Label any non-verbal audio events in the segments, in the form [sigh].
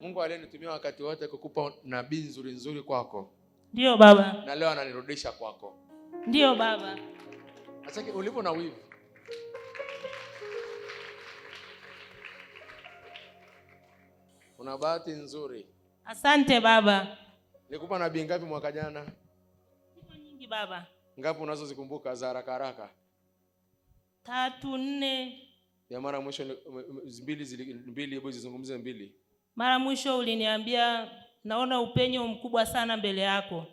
Mungu aliyenitumia wakati wote kukupa nabii nzuri nzuri kwako. Ndio baba. Na leo ananirudisha kwako. Ndio baba. Sasa ulipo na wivu una bahati nzuri. Asante baba. Nikupa nabii ngapi mwaka jana? Niko nyingi baba. Ngapi unazozikumbuka za haraka haraka? Tatu, nne. Ya mara mwisho mbili mbili, hebu zizungumze mbili. Mara mwisho uliniambia naona upenyo mkubwa sana mbele yako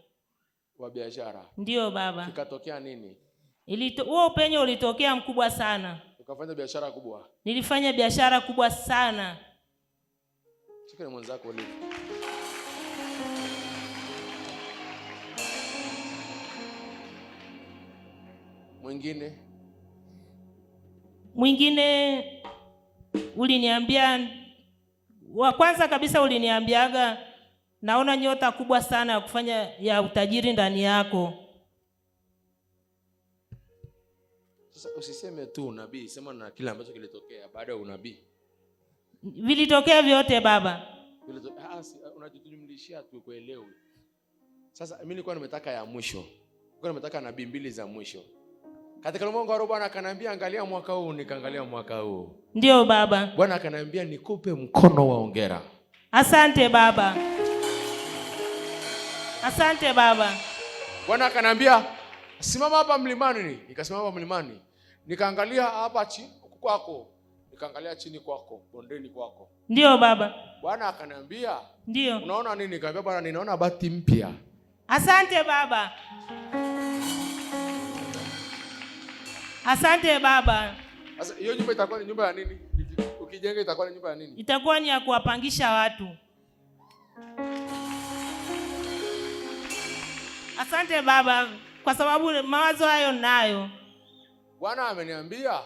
wa biashara. Ndio baba. Kikatokea nini? Ilito, huo upenyo ulitokea mkubwa sana. Ukafanya biashara kubwa. Nilifanya biashara kubwa sana. Chukua mwenzako leo. Mwingine. Mwingine uliniambia wa kwanza kabisa uliniambiaga, naona nyota kubwa sana ya kufanya ya utajiri ndani yako. Sasa usiseme tu unabii, sema na kile ambacho kilitokea baada ya unabii. Vilitokea vyote baba, ah, ah, ah, unajumlishia tu, kuelewi. Sasa mimi nilikuwa nimetaka ya mwisho, nilikuwa nimetaka nabii mbili za mwisho. Katika ulimwengu wa roho Bwana akaniambia angalia mwaka huu, nikaangalia mwaka huu. Ndio baba. Bwana akaniambia nikupe mkono wa ongera. Asante baba. Asante baba. Bwana akaniambia simama hapa mlimani, nikasimama hapa mlimani. Nikaangalia hapa chini kwako. Nikaangalia chini kwako, bondeni kwako. Ndio baba. Bwana akaniambia, ndio. Unaona nini? Nikamwambia Bwana ninaona bahati mpya. Asante baba. Asante Baba. Sasa hiyo nyumba itakuwa ni nyumba ya nini? Ukijenga itakuwa ni nyumba ya nini? Itakuwa ni ya kuwapangisha watu. Asante Baba kwa sababu mawazo hayo nayo. Bwana ameniambia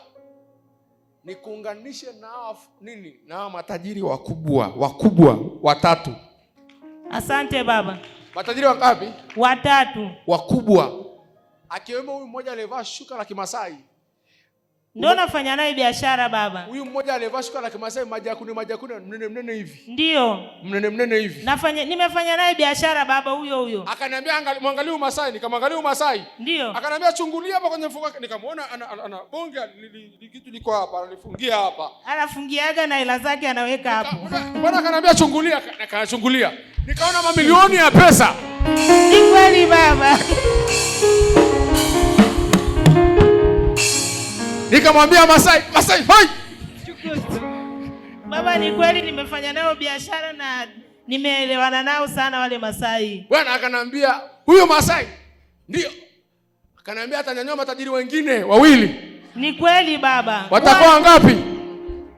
nikuunganishe na nini? Na matajiri wakubwa, wakubwa watatu. Asante Baba. Matajiri wangapi? Watatu. Wakubwa akiwemo huyu mmoja aliyevaa shuka la Kimasai. Ndio nafanya naye biashara baba. Huyu mmoja aliyevaa shuka la Kimasai majakuni majakuni mnene mnene hivi. Ndio. Mnene mnene hivi. Nafanya nimefanya naye biashara baba huyo huyo. Akaniambia angalia mwangalie huyu Masai, nikamwangalia huyu Masai. Ndio. Akaniambia chungulia hapa kwenye mfuko nikamwona ana, bonge kitu liko hapa, analifungia hapa. Anafungiaga na hela zake anaweka hapo. Bwana akaniambia chungulia, akachungulia. Nikaona mamilioni ya pesa. Ni kweli baba. Nikamwambia Masai, Masai, hai. Baba, ni kweli nimefanya nao biashara na nimeelewana nao sana wale Masai. Bwana akanambia huyo Masai ndio akanambia atanyanyua matajiri wengine wawili. Ni kweli baba. Watakuwa ngapi?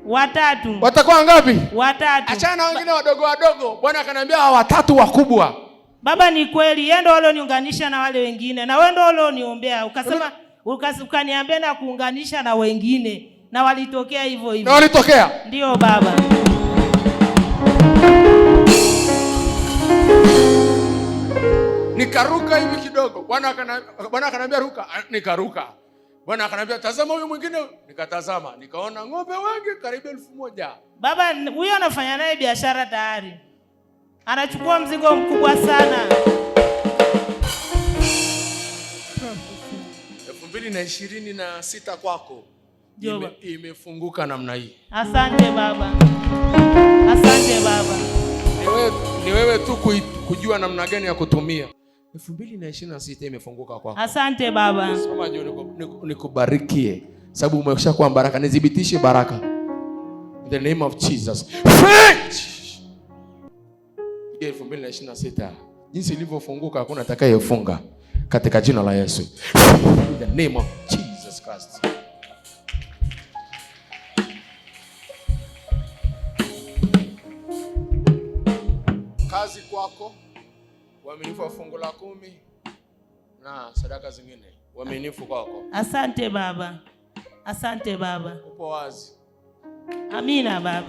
Watatu. Watakuwa ngapi? Watatu. Achana wengine wadogo wadogo. Bwana akanambia hawa watatu wakubwa. Baba, ni kweli yeye ndio alioniunganisha na wale wengine na wewe ndio ulioniombea ukasema ukaniambia na kuunganisha na wengine, na walitokea hivyo hivyo, na walitokea ndio baba. Nikaruka hivi kidogo, bwana akaniambia ruka, ah, nikaruka. Bwana akaniambia tazama huyu mwingine, nikatazama, nikaona ng'ombe wengi karibu elfu moja. Baba huyo anafanya naye biashara tayari, anachukua mzigo mkubwa sana [laughs] mbili na ishirini kwako ime, imefunguka namna hii. Asante Baba, asante Baba. Ni wewe, ni wewe tu kujua namna gani ya kutumia. elfu imefunguka kwako. Asante Baba. Soma njoo nikubarikie, sababu umeshakuwa baraka. Nidhibitishe baraka in the name of Jesus. elfu mbili na jinsi ilivyofunguka hakuna atakayefunga katika jina la Yesu. In the name of Jesus Christ. Kazi kwako, uaminifu wa fungu la kumi na sadaka zingine, uaminifu kwako. Asante Baba, asante Baba, upo wazi. Amina Baba.